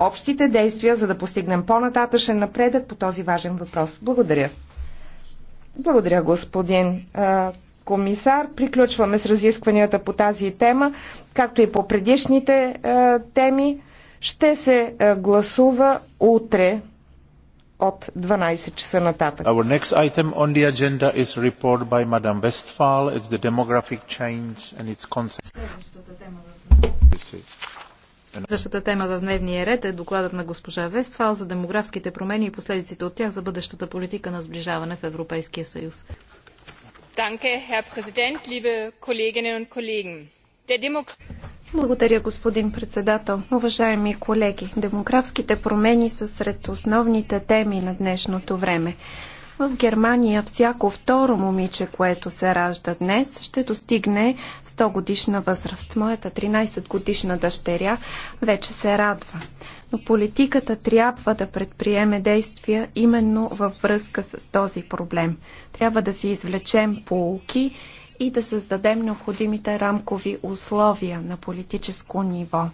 общите действия, за да постигнем по-нататъчен напредък по този важен въпрос. Благодаря. Благодаря, господин комисар. Приключваме с разискванията по тази тема, както и по предишните теми. Ще се гласува утре от 12 часа нататък. Our next item on the agenda is report by Madame Westphal. It's the demographic change and its consequences. Следващата тема в дневния ред е докладът на госпожа Вестфал за демографските промени и последиците от тях за бъдещата политика на сближаване в Европейския съюз. Благодаря, господин председател. Уважаеми колеги, демографските промени са сред основните теми на днешното време. В Германия всяко второ момиче, което се ражда днес, ще достигне 100 годишна възраст. Моята 13 годишна дъщеря вече се радва. Но политиката трябва да предприеме действия именно във връзка с този проблем. Трябва да си извлечем полуки и да създадем необходимите рамкови условия на политическо ниво.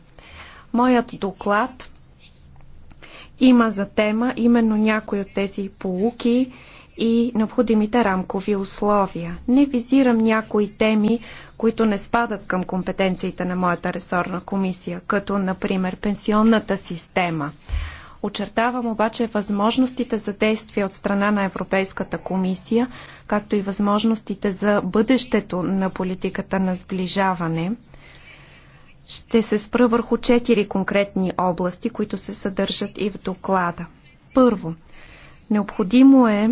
Моят доклад има за тема именно някои от тези полуки и необходимите рамкови условия. Не визирам някои теми, които не спадат към компетенциите на моята ресорна комисия, като например пенсионната система. Очертавам обаче възможностите за действие от страна на Европейската комисия, както и възможностите за бъдещето на политиката на сближаване. Ще се спра върху четири конкретни области, които се съдържат и в доклада. Първо, необходимо е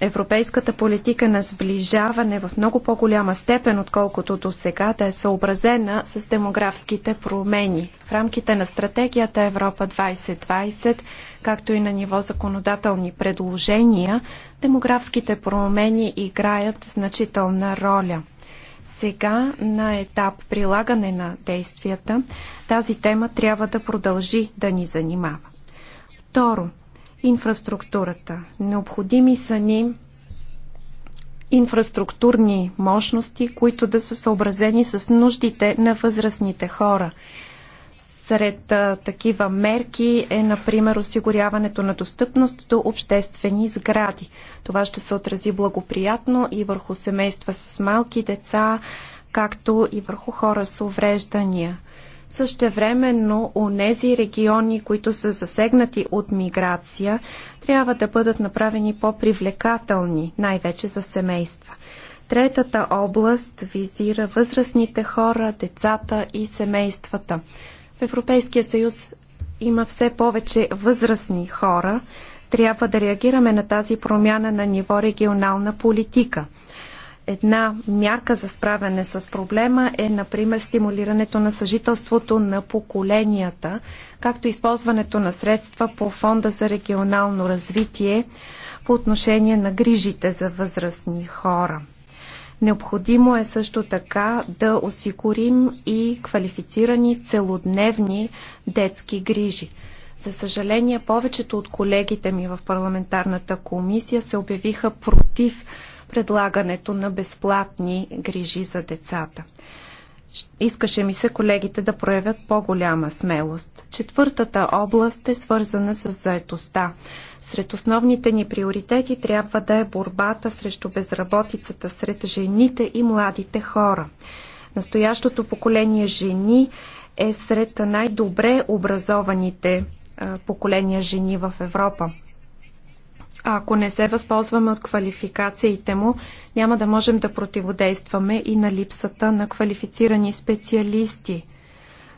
европейската политика на сближаване в много по-голяма степен, отколкото до сега, да е съобразена с демографските промени. В рамките на стратегията Европа 2020, както и на ниво законодателни предложения, демографските промени играят значителна роля. Сега, на етап прилагане на действията, тази тема трябва да продължи да ни занимава. Второ, инфраструктурата. Необходими са ни инфраструктурни мощности, които да са съобразени с нуждите на възрастните хора. Сред а, такива мерки е, например, осигуряването на достъпност до обществени сгради. Това ще се отрази благоприятно и върху семейства с малки деца, както и върху хора с увреждания. Същевременно, нези региони, които са засегнати от миграция, трябва да бъдат направени по-привлекателни, най-вече за семейства. Третата област визира възрастните хора, децата и семействата. В Европейския съюз има все повече възрастни хора. Трябва да реагираме на тази промяна на ниво регионална политика. Една мярка за справяне с проблема е, например, стимулирането на съжителството на поколенията, както използването на средства по Фонда за регионално развитие по отношение на грижите за възрастни хора. Необходимо е също така да осигурим и квалифицирани целодневни детски грижи. За съжаление, повечето от колегите ми в парламентарната комисия се обявиха против предлагането на безплатни грижи за децата. Искаше ми се колегите да проявят по-голяма смелост. Четвъртата област е свързана с заетостта. Сред основните ни приоритети трябва да е борбата срещу безработицата сред жените и младите хора. Настоящото поколение жени е сред най-добре образованите поколения жени в Европа. А ако не се възползваме от квалификациите му, няма да можем да противодействаме и на липсата на квалифицирани специалисти.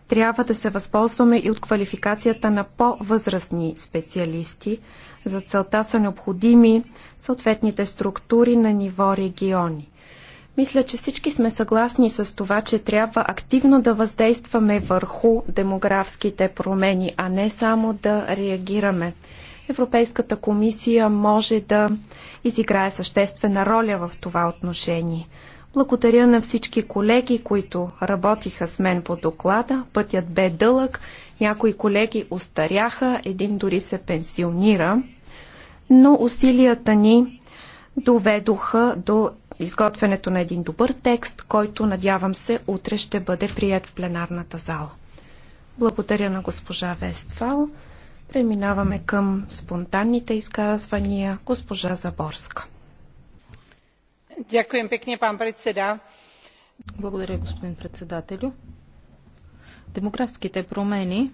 Трябва да се възползваме и от квалификацията на по-възрастни специалисти. За целта са необходими съответните структури на ниво региони. Мисля, че всички сме съгласни с това, че трябва активно да въздействаме върху демографските промени, а не само да реагираме. Европейската комисия може да изиграе съществена роля в това отношение. Благодаря на всички колеги, които работиха с мен по доклада. Пътят бе дълъг, някои колеги устаряха, един дори се пенсионира, но усилията ни доведоха до изготвянето на един добър текст, който надявам се утре ще бъде прият в пленарната зала. Благодаря на госпожа Вестфал. Преминаваме към спонтанните изказвания. Госпожа Заборска. Дякуем пекне, пан председа. Благодаря, господин председателю. Демографските промени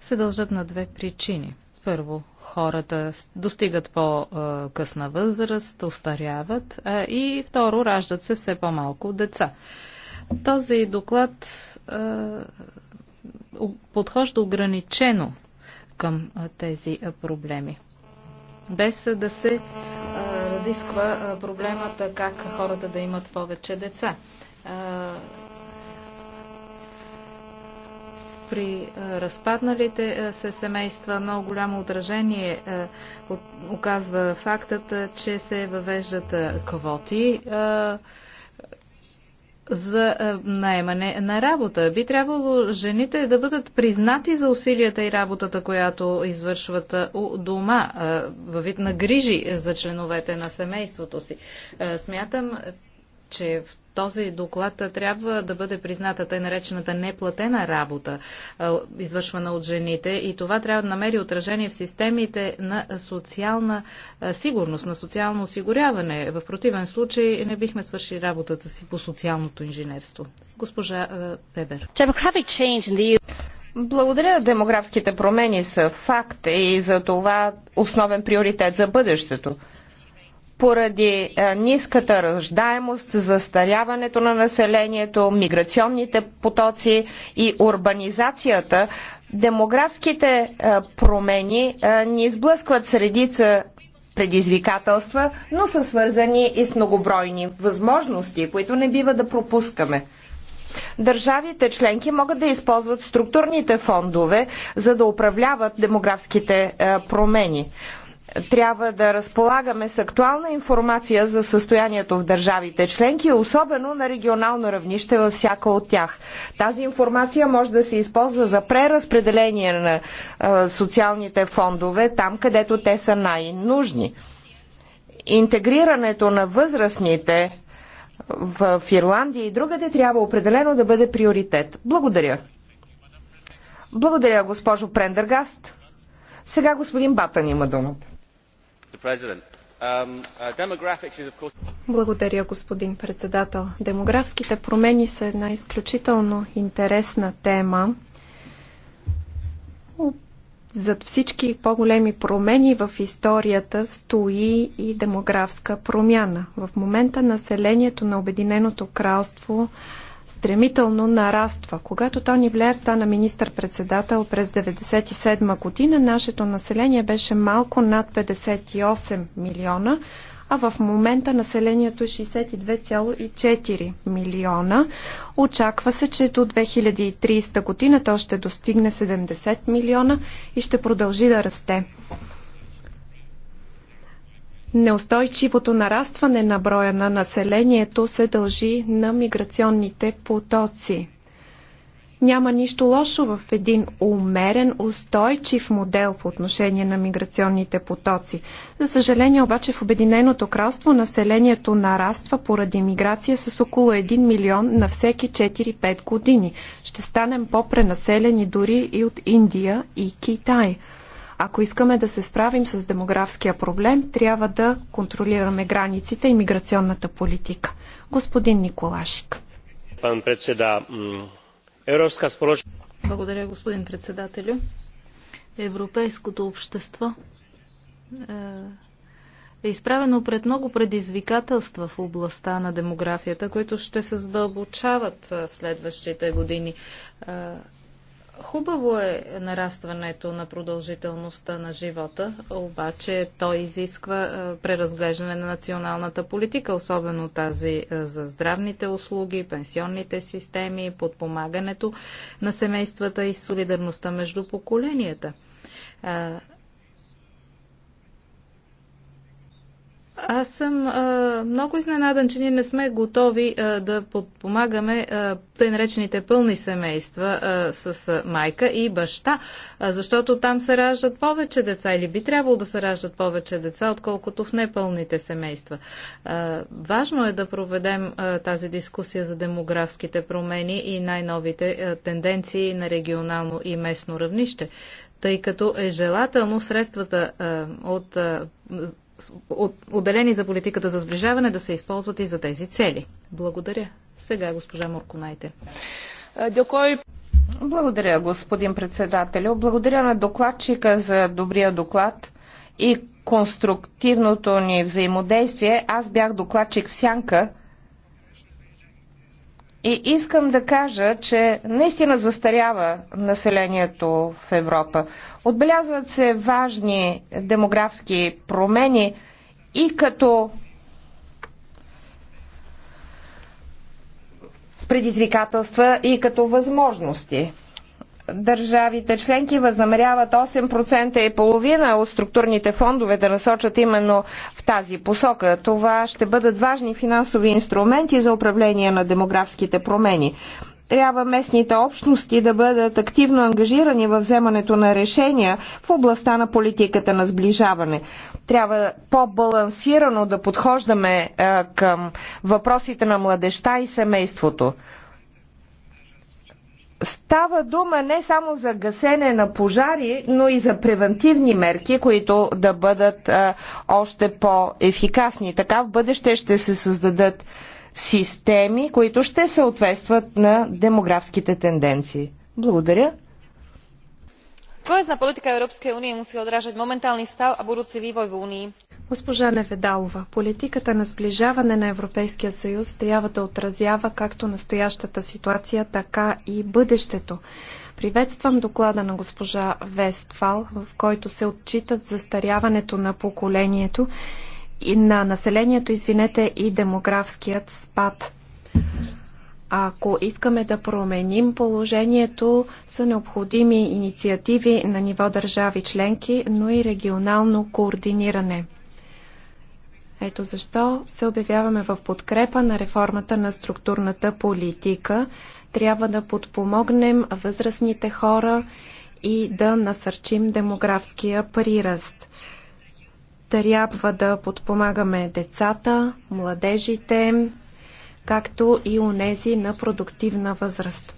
се дължат на две причини. Първо, хората достигат по-късна възраст, остаряват и второ, раждат се все по-малко деца. Този доклад подхожда ограничено към тези проблеми. Без да се разисква проблемата как хората да имат повече деца. При разпадналите се семейства много голямо отражение оказва фактът, че се въвеждат квоти за е, наемане на работа. Би трябвало жените да бъдат признати за усилията и работата, която извършват е, у дома, е, във вид на грижи за членовете на семейството си. Смятам, че в този доклад трябва да бъде призната тъй наречената неплатена работа, извършвана от жените. И това трябва да намери отражение в системите на социална сигурност, на социално осигуряване. В противен случай не бихме свършили работата си по социалното инженерство. Госпожа Пебер. Благодаря. Демографските промени са факт и за това основен приоритет за бъдещето поради е, ниската ръждаемост, застаряването на населението, миграционните потоци и урбанизацията, демографските е, промени е, ни изблъскват средица предизвикателства, но са свързани и с многобройни възможности, които не бива да пропускаме. Държавите членки могат да използват структурните фондове, за да управляват демографските промени трябва да разполагаме с актуална информация за състоянието в държавите членки, особено на регионално равнище във всяка от тях. Тази информация може да се използва за преразпределение на социалните фондове там, където те са най-нужни. Интегрирането на възрастните в Ирландия и другаде трябва определено да бъде приоритет. Благодаря. Благодаря, госпожо Прендергаст. Сега господин Батън има думата. Um, uh, Благодаря, господин председател. Демографските промени са една изключително интересна тема. Зад всички по-големи промени в историята стои и демографска промяна. В момента населението на Обединеното кралство стремително нараства. Когато Тони Блеер стана министър-председател през 1997 година, нашето население беше малко над 58 милиона, а в момента населението е 62,4 милиона. Очаква се, че до 2030 година то ще достигне 70 милиона и ще продължи да расте. Неустойчивото нарастване на броя на населението се дължи на миграционните потоци. Няма нищо лошо в един умерен, устойчив модел по отношение на миграционните потоци. За съжаление обаче в Обединеното кралство населението нараства поради миграция с около 1 милион на всеки 4-5 години. Ще станем по-пренаселени дори и от Индия и Китай – ако искаме да се справим с демографския проблем, трябва да контролираме границите и миграционната политика. Господин Николашик. Пан председа, Европска сполоч... Благодаря, господин председателю. Европейското общество е, е изправено пред много предизвикателства в областта на демографията, които ще се задълбочават е, в следващите години. Е, Хубаво е нарастването на продължителността на живота, обаче то изисква е, преразглеждане на националната политика, особено тази е, за здравните услуги, пенсионните системи, подпомагането на семействата и солидарността между поколенията. Е, Аз съм а, много изненадан, че ние не сме готови а, да подпомагаме а, тъй наречените пълни семейства а, с а, майка и баща, а, защото там се раждат повече деца или би трябвало да се раждат повече деца, отколкото в непълните семейства. А, важно е да проведем а, тази дискусия за демографските промени и най-новите а, тенденции на регионално и местно равнище тъй като е желателно средствата а, от а, отделени за политиката за сближаване, да се използват и за тези цели. Благодаря. Сега госпожа Морконайте. Благодаря, господин председател. Благодаря на докладчика за добрия доклад и конструктивното ни взаимодействие. Аз бях докладчик в Сянка и искам да кажа, че наистина застарява населението в Европа. Отбелязват се важни демографски промени и като предизвикателства, и като възможности държавите членки възнамеряват 8% и половина от структурните фондове да насочат именно в тази посока. Това ще бъдат важни финансови инструменти за управление на демографските промени. Трябва местните общности да бъдат активно ангажирани във вземането на решения в областта на политиката на сближаване. Трябва по-балансирано да подхождаме е, към въпросите на младеща и семейството. Става дума не само за гасене на пожари, но и за превентивни мерки, които да бъдат а, още по-ефикасни. Така в бъдеще ще се създадат системи, които ще съответстват на демографските тенденции. Благодаря kohézna politika Európskej únie musí odrážať momentálny stav a budúci vývoj v Únii. Госпожа Неведалова, политиката на сближаване на Европейския съюз трябва да отразява както настоящата ситуация, така и бъдещето. Приветствам доклада на госпожа Вестфал, в който се отчитат застаряването на поколението и на населението, извинете, и демографският спад. Ако искаме да променим положението, са необходими инициативи на ниво държави членки, но и регионално координиране. Ето защо се обявяваме в подкрепа на реформата на структурната политика. Трябва да подпомогнем възрастните хора и да насърчим демографския приръст. Трябва да подпомагаме децата, младежите, както и унези на продуктивна възраст.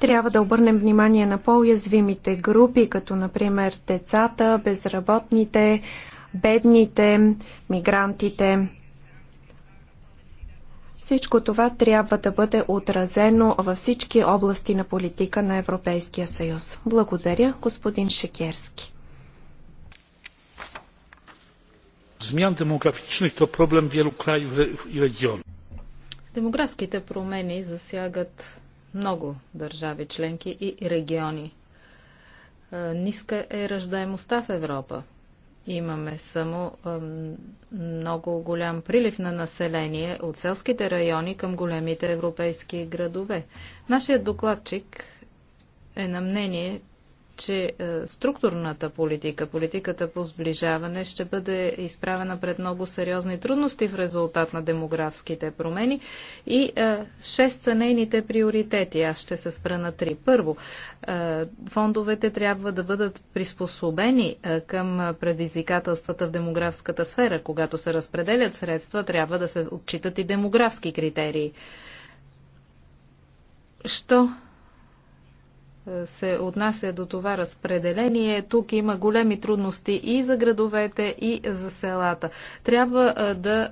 Трябва да обърнем внимание на по-уязвимите групи, като например децата, безработните, бедните, мигрантите. Всичко това трябва да бъде отразено във всички области на политика на Европейския съюз. Благодаря, господин Шекерски. zmian demograficznych to проблем wielu krajów и регионов. Демографските промени засягат много държави членки и региони. Ниска е раждаемостта в Европа. Имаме само много голям прилив на население от селските райони към големите европейски градове. Нашият докладчик е на мнение, че е, структурната политика, политиката по сближаване ще бъде изправена пред много сериозни трудности в резултат на демографските промени и е, шест са нейните приоритети. Аз ще се спра на три. Първо, е, фондовете трябва да бъдат приспособени към предизвикателствата в демографската сфера. Когато се разпределят средства, трябва да се отчитат и демографски критерии. Що се отнася до това разпределение, тук има големи трудности и за градовете, и за селата. Трябва да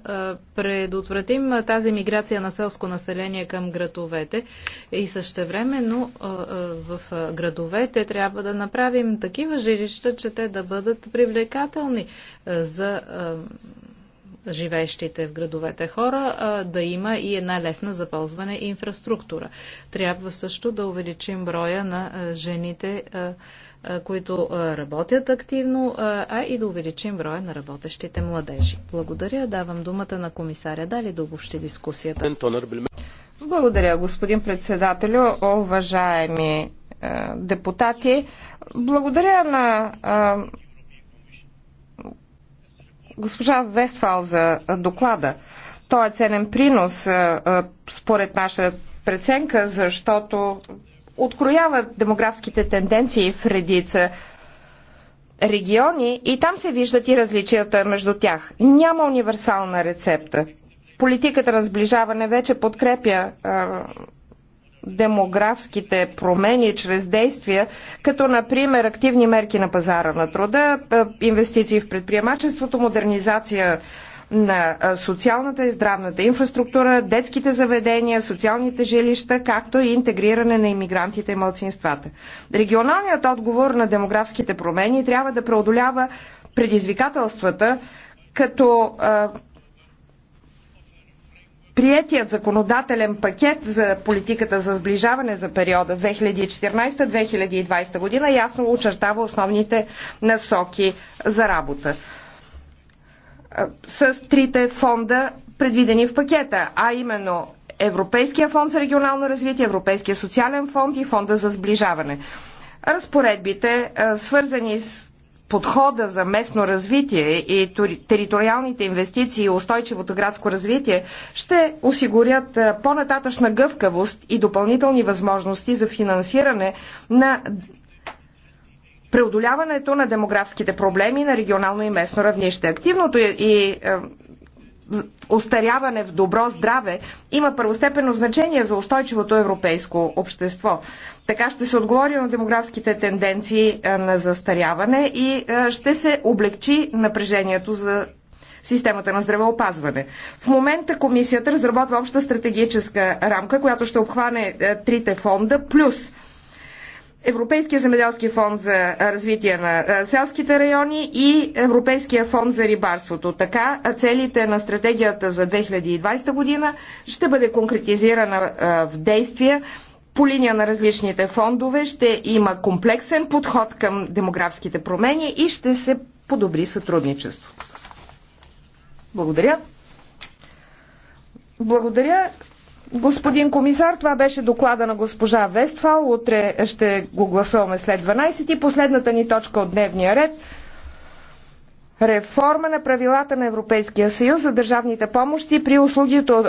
предотвратим тази миграция на селско население към градовете и същевременно в градовете трябва да направим такива жилища, че те да бъдат привлекателни за живеещите в градовете хора, да има и една лесна за ползване инфраструктура. Трябва също да увеличим броя на жените, които работят активно, а и да увеличим броя на работещите младежи. Благодаря. Давам думата на комисаря Дали да обобщи дискусията. Благодаря, господин председателю, уважаеми е, депутати. Благодаря на е, госпожа Вестфал за доклада. Той е ценен принос според наша преценка, защото откроява демографските тенденции в редица региони и там се виждат и различията между тях. Няма универсална рецепта. Политиката на сближаване вече подкрепя демографските промени чрез действия, като например активни мерки на пазара на труда, е, инвестиции в предприемачеството, модернизация на е, социалната и здравната инфраструктура, детските заведения, социалните жилища, както и интегриране на иммигрантите и младсинствата. Регионалният отговор на демографските промени трябва да преодолява предизвикателствата, като е, Приетият законодателен пакет за политиката за сближаване за периода 2014-2020 година ясно очертава основните насоки за работа с трите фонда, предвидени в пакета, а именно Европейския фонд за регионално развитие, Европейския социален фонд и фонда за сближаване. Разпоредбите, свързани с подхода за местно развитие и териториалните инвестиции и устойчивото градско развитие ще осигурят по-нататъчна гъвкавост и допълнителни възможности за финансиране на преодоляването на демографските проблеми на регионално и местно равнище. Активното и остаряване в добро здраве има първостепенно значение за устойчивото европейско общество. Така ще се отговори на демографските тенденции на застаряване и ще се облегчи напрежението за системата на здравеопазване. В момента комисията разработва обща стратегическа рамка, която ще обхване трите фонда плюс Европейския земеделски фонд за развитие на селските райони и Европейския фонд за рибарството. Така целите на стратегията за 2020 година ще бъде конкретизирана в действия по линия на различните фондове. Ще има комплексен подход към демографските промени и ще се подобри сътрудничество. Благодаря. Благодаря Господин комисар, това беше доклада на госпожа Вестфал. Утре ще го гласуваме след 12 и последната ни точка от дневния ред реформа на правилата на Европейския съюз за държавните помощи при услугите